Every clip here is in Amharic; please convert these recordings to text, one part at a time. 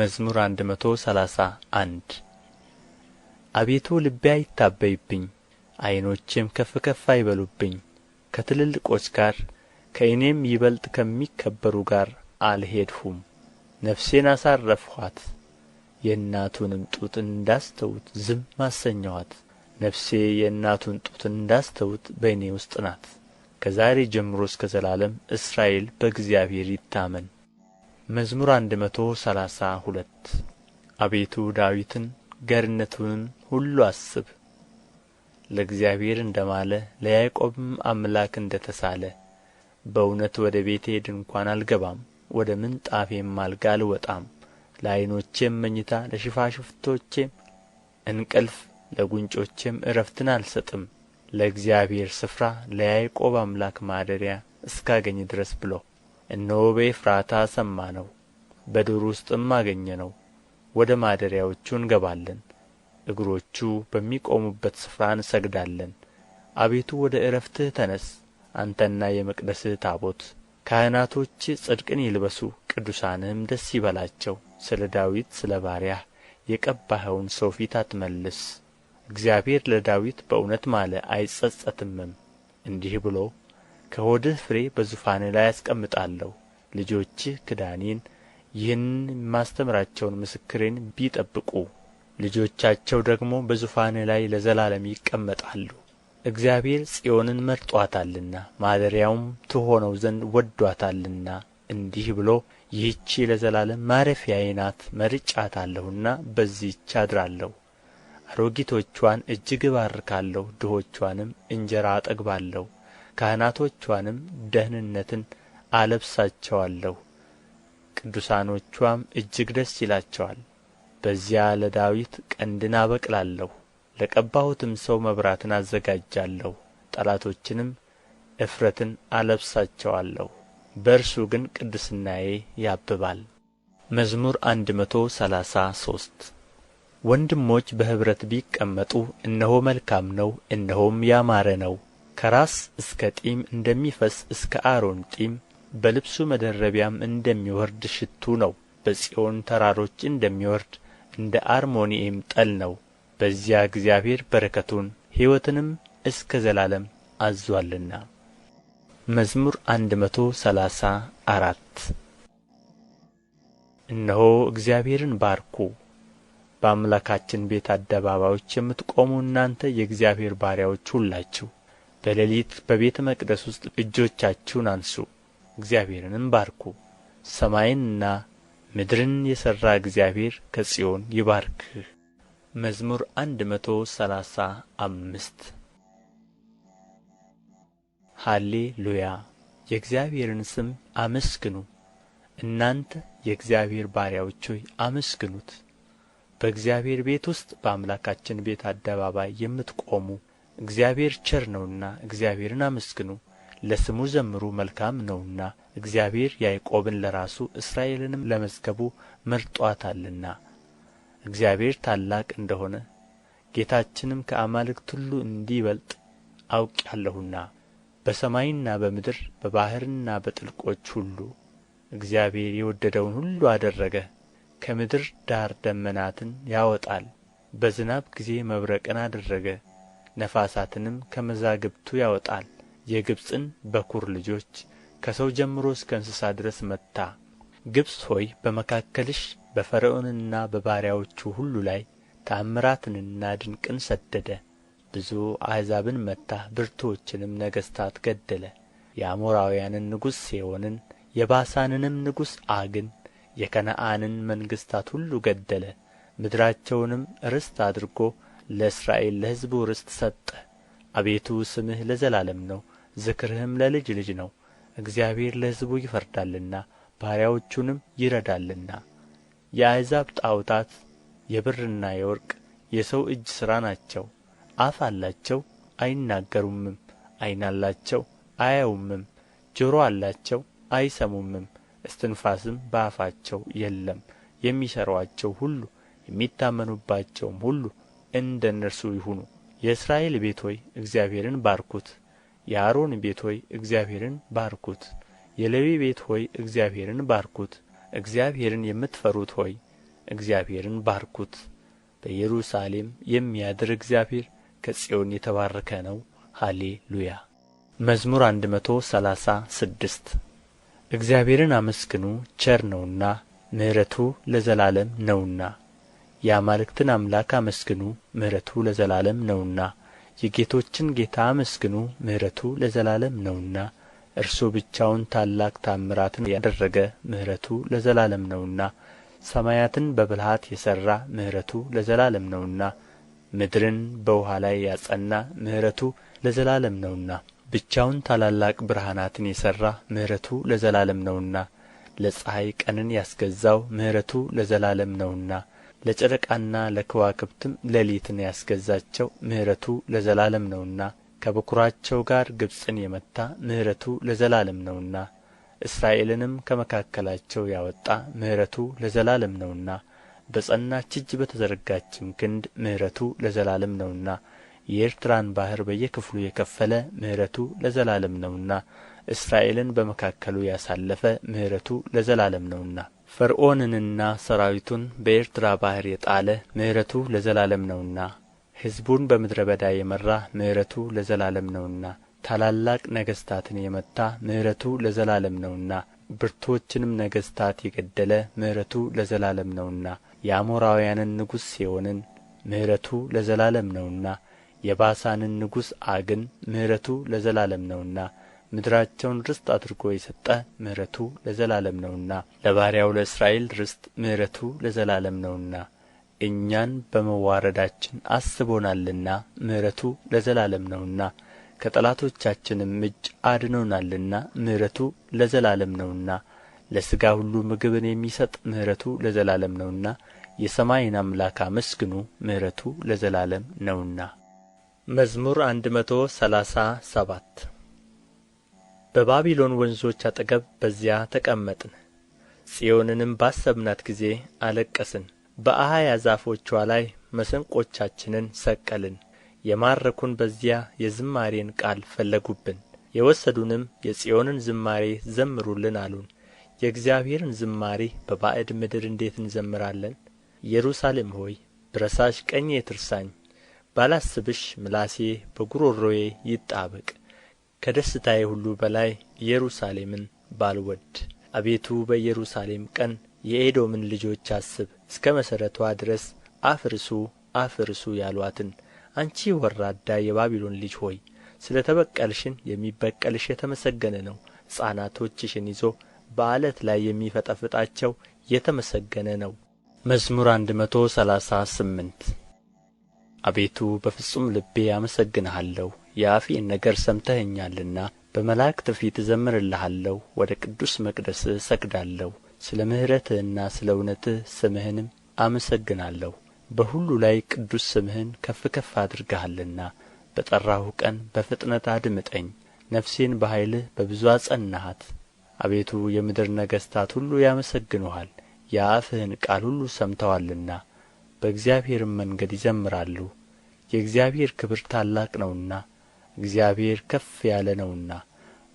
መዝሙር መቶ ሰላሳ አንድ አቤቱ ልቤ አይታበይብኝ፣ ዐይኖቼም ከፍ ከፍ አይበሉብኝ። ከትልልቆች ጋር ከእኔም ይበልጥ ከሚከበሩ ጋር አልሄድሁም። ነፍሴን አሳረፍኋት፣ የእናቱንም ጡት እንዳስተውት ዝም አሰኘኋት። ነፍሴ የእናቱን ጡት እንዳስተውት በእኔ ውስጥ ናት። ከዛሬ ጀምሮ እስከ ዘላለም እስራኤል በእግዚአብሔር ይታመን። መዝሙር መቶ ሰላሳ ሁለት አቤቱ ዳዊትን ገርነቱንም ሁሉ አስብ። ለእግዚአብሔር እንደ ማለ ለያዕቆብም አምላክ እንደ ተሳለ በእውነት ወደ ቤቴ ድንኳን አልገባም፣ ወደ ምንጣፌም አልጋ አልወጣም። ለዐይኖቼም መኝታ ለሽፋሽፍቶቼም እንቅልፍ ለጉንጮቼም እረፍትን አልሰጥም፣ ለእግዚአብሔር ስፍራ ለያዕቆብ አምላክ ማደሪያ እስካገኝ ድረስ ብሎ እነሆ በኤፍራታ ነው በዱር ውስጥም አገኘ ነው። ወደ ማደሪያዎቹ እንገባለን እግሮቹ በሚቆሙበት ስፍራ እንሰግዳለን አቤቱ ወደ ዕረፍትህ ተነስ አንተና የመቅደስህ ታቦት ካህናቶች ጽድቅን ይልበሱ ቅዱሳንህም ደስ ይበላቸው ስለ ዳዊት ስለ ባሪያህ የቀባኸውን ሰው ፊት አትመልስ እግዚአብሔር ለዳዊት በእውነት ማለ አይጸጸትምም እንዲህ ብሎ ከሆድህ ፍሬ በዙፋንህ ላይ አስቀምጣለሁ ልጆችህ ክዳኔን ይህን የማስተምራቸውን ምስክሬን ቢጠብቁ ልጆቻቸው ደግሞ በዙፋንህ ላይ ለዘላለም ይቀመጣሉ እግዚአብሔር ጽዮንን መርጧታልና ማደሪያውም ትሆነው ዘንድ ወዷታልና እንዲህ ብሎ ይህች ለዘላለም ማረፊያዬ ናት መርጫታለሁና በዚህች አድራለሁ አሮጊቶቿን እጅግ እባርካለሁ ድሆቿንም እንጀራ አጠግባለሁ ካህናቶችዋንም ደህንነትን አለብሳቸዋለሁ ቅዱሳኖችዋም እጅግ ደስ ይላቸዋል በዚያ ለዳዊት ቀንድን አበቅላለሁ ለቀባሁትም ሰው መብራትን አዘጋጃለሁ ጠላቶችንም እፍረትን አለብሳቸዋለሁ በእርሱ ግን ቅድስናዬ ያብባል መዝሙር አንድ መቶ ሰላሳ ሶስት ወንድሞች በኅብረት ቢቀመጡ እነሆ መልካም ነው እነሆም ያማረ ነው ከራስ እስከ ጢም እንደሚፈስ እስከ አሮን ጢም በልብሱ መደረቢያም እንደሚወርድ ሽቱ ነው በጽዮን ተራሮች እንደሚወርድ እንደ አርሞንዔም ጠል ነው በዚያ እግዚአብሔር በረከቱን ሕይወትንም እስከ ዘላለም አዟልና መዝሙር አንድ መቶ ሰላሳ አራት እነሆ እግዚአብሔርን ባርኩ በአምላካችን ቤት አደባባዮች የምትቆሙ እናንተ የእግዚአብሔር ባሪያዎች ሁላችሁ በሌሊት በቤተ መቅደስ ውስጥ እጆቻችሁን አንሱ እግዚአብሔርንም ባርኩ ሰማይንና ምድርን የሠራ እግዚአብሔር ከጽዮን ይባርክህ። መዝሙር አንድ መቶ ሰላሳ አምስት ሃሌ ሉያ የእግዚአብሔርን ስም አመስግኑ። እናንተ የእግዚአብሔር ባሪያዎች ሆይ አመስግኑት። በእግዚአብሔር ቤት ውስጥ በአምላካችን ቤት አደባባይ የምትቆሙ እግዚአብሔር ቸር ነውና እግዚአብሔርን አመስግኑ ለስሙ ዘምሩ መልካም ነውና እግዚአብሔር ያዕቆብን ለራሱ እስራኤልንም ለመዝገቡ ምርጧታልና እግዚአብሔር ታላቅ እንደሆነ ጌታችንም ከአማልክት ሁሉ እንዲበልጥ አውቄአለሁና በሰማይና በምድር በባሕርና በጥልቆች ሁሉ እግዚአብሔር የወደደውን ሁሉ አደረገ። ከምድር ዳር ደመናትን ያወጣል፣ በዝናብ ጊዜ መብረቅን አደረገ። ነፋሳትንም ከመዛግብቱ ያወጣል የግብጽን በኩር ልጆች ከሰው ጀምሮ እስከ እንስሳ ድረስ መታ ግብፅ ሆይ በመካከልሽ በፈርዖንና በባሪያዎቹ ሁሉ ላይ ተአምራትንና ድንቅን ሰደደ ብዙ አሕዛብን መታ ብርቱዎችንም ነገሥታት ገደለ የአሞራውያንን ንጉሥ ሴዎንን የባሳንንም ንጉሥ አግን የከነአንን መንግሥታት ሁሉ ገደለ ምድራቸውንም ርስት አድርጎ ለእስራኤል ለሕዝቡ ርስት ሰጠ። አቤቱ ስምህ ለዘላለም ነው ዝክርህም ለልጅ ልጅ ነው እግዚአብሔር ለሕዝቡ ይፈርዳልና ባሪያዎቹንም ይረዳልና የአሕዛብ ጣዖታት የብርና የወርቅ የሰው እጅ ሥራ ናቸው አፍ አላቸው አይናገሩምም ዓይን አላቸው አያዩምም ጆሮ አላቸው አይሰሙምም እስትንፋስም በአፋቸው የለም የሚሠሩአቸው ሁሉ የሚታመኑባቸውም ሁሉ እንደ እነርሱ ይሁኑ የእስራኤል ቤት ሆይ እግዚአብሔርን ባርኩት የአሮን ቤት ሆይ እግዚአብሔርን ባርኩት የሌዊ ቤት ሆይ እግዚአብሔርን ባርኩት እግዚአብሔርን የምትፈሩት ሆይ እግዚአብሔርን ባርኩት በኢየሩሳሌም የሚያድር እግዚአብሔር ከጽዮን የተባረከ ነው ሃሌ ሉያ መዝሙር አንድ መቶ ሰላሳ ስድስት እግዚአብሔርን አመስግኑ ቸር ነውና ምሕረቱ ለዘላለም ነውና የአማልክትን አምላክ አመስግኑ ምሕረቱ ለዘላለም ነውና የጌቶችን ጌታ አመስግኑ ምሕረቱ ለዘላለም ነውና እርሱ ብቻውን ታላቅ ታምራትን ያደረገ ምሕረቱ ለዘላለም ነውና ሰማያትን በብልሃት የሠራ ምሕረቱ ለዘላለም ነውና ምድርን በውኃ ላይ ያጸና ምሕረቱ ለዘላለም ነውና ብቻውን ታላላቅ ብርሃናትን የሠራ ምሕረቱ ለዘላለም ነውና ለፀሐይ ቀንን ያስገዛው ምሕረቱ ለዘላለም ነውና ለጨረቃና ለከዋክብትም ሌሊትን ያስገዛቸው ምሕረቱ ለዘላለም ነውና ከበኩራቸው ጋር ግብጽን የመታ ምሕረቱ ለዘላለም ነውና እስራኤልንም ከመካከላቸው ያወጣ ምሕረቱ ለዘላለም ነውና በጸናች እጅ በተዘረጋችም ክንድ ምሕረቱ ለዘላለም ነውና የኤርትራን ባሕር በየክፍሉ የከፈለ ምሕረቱ ለዘላለም ነውና እስራኤልን በመካከሉ ያሳለፈ ምሕረቱ ለዘላለም ነውና ፈርዖንንና ሠራዊቱን በኤርትራ ባሕር የጣለ ምሕረቱ ለዘላለም ነውና ሕዝቡን በምድረ በዳ የመራ ምሕረቱ ለዘላለም ነውና ታላላቅ ነገሥታትን የመታ ምሕረቱ ለዘላለም ነውና ብርቶችንም ነገሥታት የገደለ ምሕረቱ ለዘላለም ነውና የአሞራውያንን ንጉሥ ሴዎንን ምሕረቱ ለዘላለም ነውና የባሳንን ንጉሥ አግን ምሕረቱ ለዘላለም ነውና ምድራቸውን ርስት አድርጎ የሰጠ ምሕረቱ ለዘላለም ነውና ለባሪያው ለእስራኤል ርስት ምሕረቱ ለዘላለም ነውና እኛን በመዋረዳችን አስቦናልና ምሕረቱ ለዘላለም ነውና ከጠላቶቻችንም እጅ አድኖናልና ምሕረቱ ለዘላለም ነውና ለሥጋ ሁሉ ምግብን የሚሰጥ ምሕረቱ ለዘላለም ነውና የሰማይን አምላክ አመስግኑ ምሕረቱ ለዘላለም ነውና። መዝሙር አንድ መቶ ሰላሳ ሰባት በባቢሎን ወንዞች አጠገብ በዚያ ተቀመጥን ጽዮንንም ባሰብናት ጊዜ አለቀስን በአህያ ዛፎችዋ ላይ መሰንቆቻችንን ሰቀልን የማረኩን በዚያ የዝማሬን ቃል ፈለጉብን የወሰዱንም የጽዮንን ዝማሬ ዘምሩልን አሉን የእግዚአብሔርን ዝማሬ በባዕድ ምድር እንዴት እንዘምራለን ኢየሩሳሌም ሆይ ብረሳሽ ቀኜ ትርሳኝ ባላስብሽ ምላሴ በጉሮሮዬ ይጣበቅ ከደስታዬ ሁሉ በላይ ኢየሩሳሌምን ባልወድ አቤቱ በኢየሩሳሌም ቀን የኤዶምን ልጆች አስብ እስከ መሠረትዋ ድረስ አፍርሱ አፍርሱ ያሏትን። አንቺ ወራዳ የባቢሎን ልጅ ሆይ ስለ ተበቀልሽን የሚበቀልሽ የተመሰገነ ነው ሕፃናቶችሽን ይዞ በዓለት ላይ የሚፈጠፍጣቸው የተመሰገነ ነው። መዝሙር አንድ መቶ ሰላሳ ስምንት አቤቱ በፍጹም ልቤ አመሰግንሃለሁ የአፌን ነገር ሰምተኸኛልና በመላእክት ፊት እዘምርልሃለሁ ወደ ቅዱስ መቅደስህ እሰግዳለሁ ስለ ምሕረትህና ስለ እውነትህ ስምህንም አመሰግናለሁ በሁሉ ላይ ቅዱስ ስምህን ከፍ ከፍ አድርገሃልና በጠራሁ ቀን በፍጥነት አድምጠኝ ነፍሴን በኃይልህ በብዙ አጸናሃት አቤቱ የምድር ነገሥታት ሁሉ ያመሰግኑሃል የአፍህን ቃል ሁሉ ሰምተዋልና በእግዚአብሔርም መንገድ ይዘምራሉ የእግዚአብሔር ክብር ታላቅ ነውና እግዚአብሔር ከፍ ያለ ነውና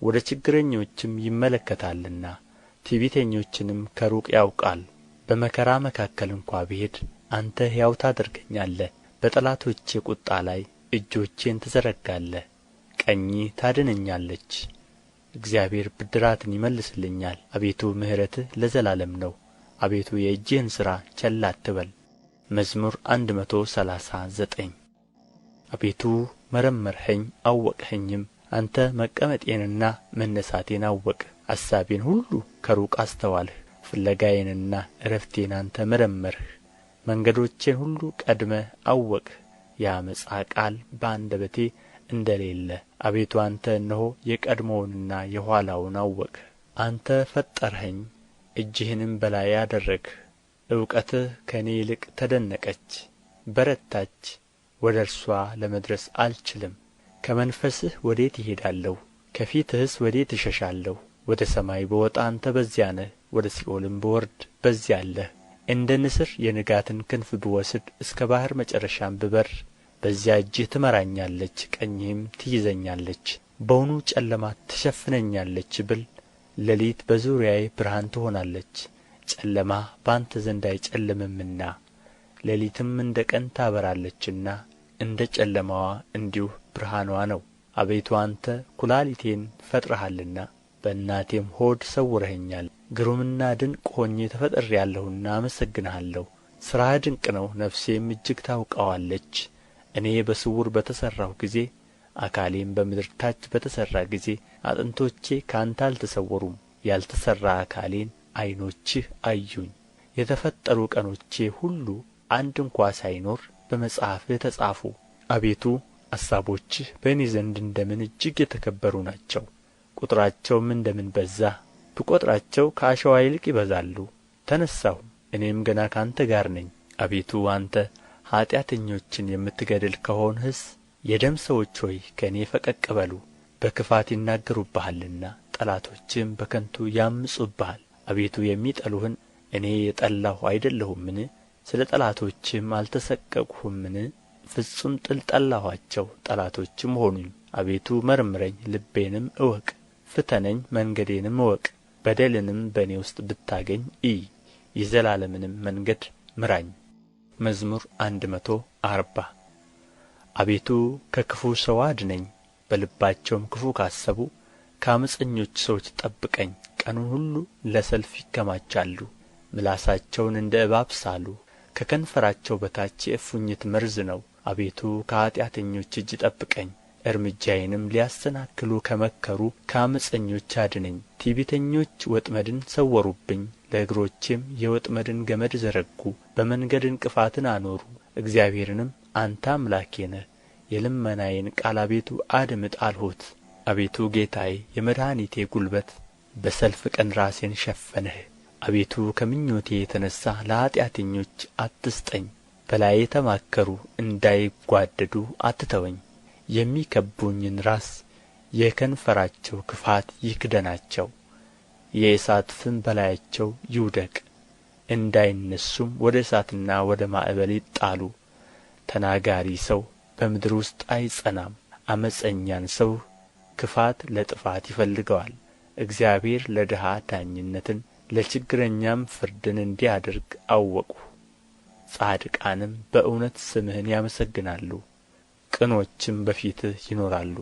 ወደ ችግረኞችም ይመለከታልና ትዕቢተኞችንም ከሩቅ ያውቃል በመከራ መካከል እንኳ ብሄድ አንተ ሕያው ታደርገኛለህ በጠላቶቼ ቁጣ ላይ እጆቼን ትዘረጋለህ ቀኝህ ታድነኛለች እግዚአብሔር ብድራትን ይመልስልኛል አቤቱ ምሕረትህ ለዘላለም ነው አቤቱ የእጅህን ሥራ ቸል አትበል መዝሙር አንድ መቶ ሰላሳ ዘጠኝ አቤቱ መረመርኸኝ አወቅኸኝም አንተ መቀመጤንና መነሳቴን አወቅ አሳቤን ሁሉ ከሩቅ አስተዋልህ ፍለጋዬንና ዕረፍቴን አንተ መረመርህ መንገዶቼን ሁሉ ቀድመ አወቅህ የአመፃ ቃል በአንደበቴ እንደሌለ አቤቱ አንተ እነሆ የቀድሞውንና የኋላውን አወቅህ አንተ ፈጠርኸኝ እጅህንም በላይ አደረግህ እውቀትህ ከእኔ ይልቅ ተደነቀች በረታች ወደ እርስዋ ለመድረስ አልችልም ከመንፈስህ ወዴት ይሄዳለሁ ከፊትህስ ወዴት እሸሻለሁ ወደ ሰማይ ብወጣ አንተ በዚያ ነህ ወደ ሲኦልም በወርድ በዚያ አለህ እንደ ንስር የንጋትን ክንፍ ብወስድ እስከ ባሕር መጨረሻም ብበር በዚያ እጅህ ትመራኛለች ቀኝህም ትይዘኛለች በውኑ ጨለማ ትሸፍነኛለች ብል ሌሊት በዙሪያዬ ብርሃን ትሆናለች ጨለማ በአንተ ዘንድ አይጨልምምና ሌሊትም እንደ ቀን ታበራለችና እንደ ጨለማዋ እንዲሁ ብርሃንዋ ነው አቤቱ አንተ ኵላሊቴን ፈጥረሃልና በእናቴም ሆድ ሰውረኸኛል ግሩምና ድንቅ ሆኜ ያለሁና አመሰግንሃለሁ ሥራህ ድንቅ ነው ነፍሴም እጅግ ታውቀዋለች እኔ በስውር በተሠራሁ ጊዜ አካሌም በምድር ታች በተሠራ ጊዜ አጥንቶቼ ከአንተ አልተሰወሩም ያልተሠራ አካሌን ዐይኖችህ አዩኝ የተፈጠሩ ቀኖቼ ሁሉ አንድ እንኳ ሳይኖር በመጽሐፍህ ተጻፉ አቤቱ አሳቦችህ በእኔ ዘንድ እንደ ምን እጅግ የተከበሩ ናቸው ቁጥራቸውም እንደ ምን በዛ ብቈጥራቸው ከአሸዋ ይልቅ ይበዛሉ ተነሣሁ እኔም ገና ካንተ ጋር ነኝ አቤቱ አንተ ኀጢአተኞችን የምትገድል ከሆንህስ የደም ሰዎች ሆይ ከእኔ ፈቀቅ በሉ በክፋት ይናገሩብሃልና ጠላቶችህም በከንቱ ያምፁብሃል አቤቱ የሚጠሉህን እኔ የጠላሁ አይደለሁምን ስለ ጠላቶችህም አልተሰቀቅሁምን ፍጹም ጥል ጠላኋቸው ጠላቶችም ሆኑኝ አቤቱ መርምረኝ ልቤንም እወቅ ፍተነኝ መንገዴንም እወቅ በደልንም በእኔ ውስጥ ብታገኝ እይ የዘላለምንም መንገድ ምራኝ መዝሙር አንድ መቶ አርባ አቤቱ ከክፉ ሰው አድነኝ በልባቸውም ክፉ ካሰቡ ከአመፀኞች ሰዎች ጠብቀኝ ቀኑን ሁሉ ለሰልፍ ይከማቻሉ ምላሳቸውን እንደ እባብ ሳሉ ከከንፈራቸው በታች የእፉኝት መርዝ ነው አቤቱ ከኃጢአተኞች እጅ ጠብቀኝ እርምጃዬንም ሊያሰናክሉ ከመከሩ ከአመፀኞች አድነኝ ትዕቢተኞች ወጥመድን ሰወሩብኝ ለእግሮቼም የወጥመድን ገመድ ዘረጉ በመንገድ እንቅፋትን አኖሩ እግዚአብሔርንም አንተ አምላኬ ነህ የልመናዬን ቃል አቤቱ አድምጥ አልሁት አቤቱ ጌታዬ የመድኃኒቴ ጒልበት በሰልፍ ቀን ራሴን ሸፈንህ አቤቱ ከምኞቴ የተነሣ ለኃጢአተኞች አትስጠኝ በላዬ ተማከሩ እንዳይጓደዱ አትተወኝ የሚከቡኝን ራስ የከንፈራቸው ክፋት ይክደናቸው የእሳት ፍም በላያቸው ይውደቅ እንዳይነሱም ወደ እሳትና ወደ ማዕበል ይጣሉ ተናጋሪ ሰው በምድር ውስጥ አይጸናም አመፀኛን ሰው ክፋት ለጥፋት ይፈልገዋል እግዚአብሔር ለድሃ ዳኝነትን ለችግረኛም ፍርድን እንዲያደርግ አወቁ ጻድቃንም በእውነት ስምህን ያመሰግናሉ ቅኖችም በፊትህ ይኖራሉ